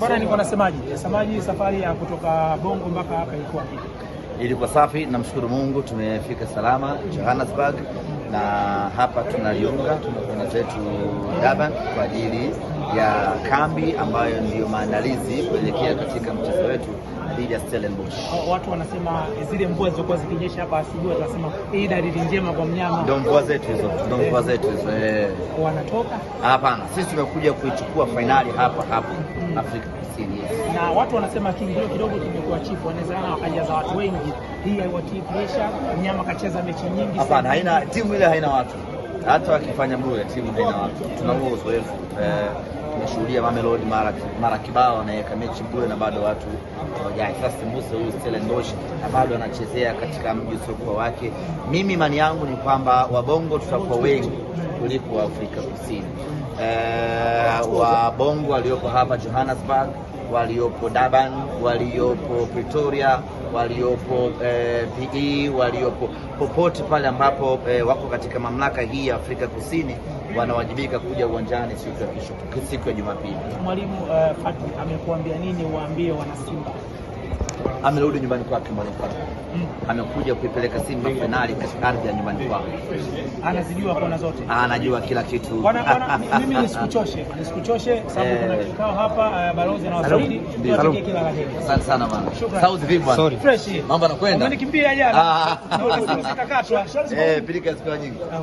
Bwana, niko na Semaji. Semaji, safari ya kutoka Bongo mpaka hapa ilikuwa ilikuwa safi, namshukuru Mungu tumefika salama Johannesburg, na hapa tunaliunga tunakwenda zetu Durban kwa ajili ya kambi ambayo ndiyo maandalizi kuelekea katika mchezo wetu dhidi ya Stellenbosch. Watu wanasema zile mvua zilizokuwa zikinyesha hapa asubuhi, watasema hii dalili njema kwa mnyama. Ndio mvua zetu hizo, ndio eh. mvua zetu hizo. Eh. wanatoka hapana, sisi tumekuja kuichukua fainali hapa hapa mm. Afrika Kusini. Yes. Na watu wanasema kiingilio kidogo kimekuwa chifu, wanawezekana wakajaza watu wengi, hii haiwatii pressure. Mnyama kacheza mechi nyingi. Hapana, haina timu ile, haina watu hata wakifanya bure timu haina watu. Tuna huo uzoefu eh, tumeshuhudia Mamelodi mara mara kibao anaweka mechi bure na bado watu hawajai. Sasa sembuse huyu Stellenbosch na bado anachezea katika mji usiokuwa wake. Mimi imani yangu ni kwamba wabongo tutakuwa wengi kuliko wa Afrika Kusini. Eh, wabongo waliopo hapa Johannesburg, waliopo Durban, waliopo Pretoria waliopo eh, e, waliopo popote pale ambapo eh, wako katika mamlaka hii ya Afrika Kusini wanawajibika kuja uwanjani siku ya kesho, siku ya Jumapili. Mwalimu uh, eh, Fatu amekuambia nini waambie wanasimba? amerudi nyumbani kwake Mbaloka, amekuja kuipeleka Simba fainali katika ardhi ya nyumbani kwake. Anazijua kona zote, anajua kila kitu Mimi nisikuchoshe, nisikuchoshe sababu eh. kuna kikao hapa, eh, balozi na wasaidi Tuwatakie kila la heri. Asante sana mama, sauti vipi bwana, fresh, mambo yanakwenda. Umenikimbia jana, sikakatwa. Eh, pilika siku nyingi. Ah.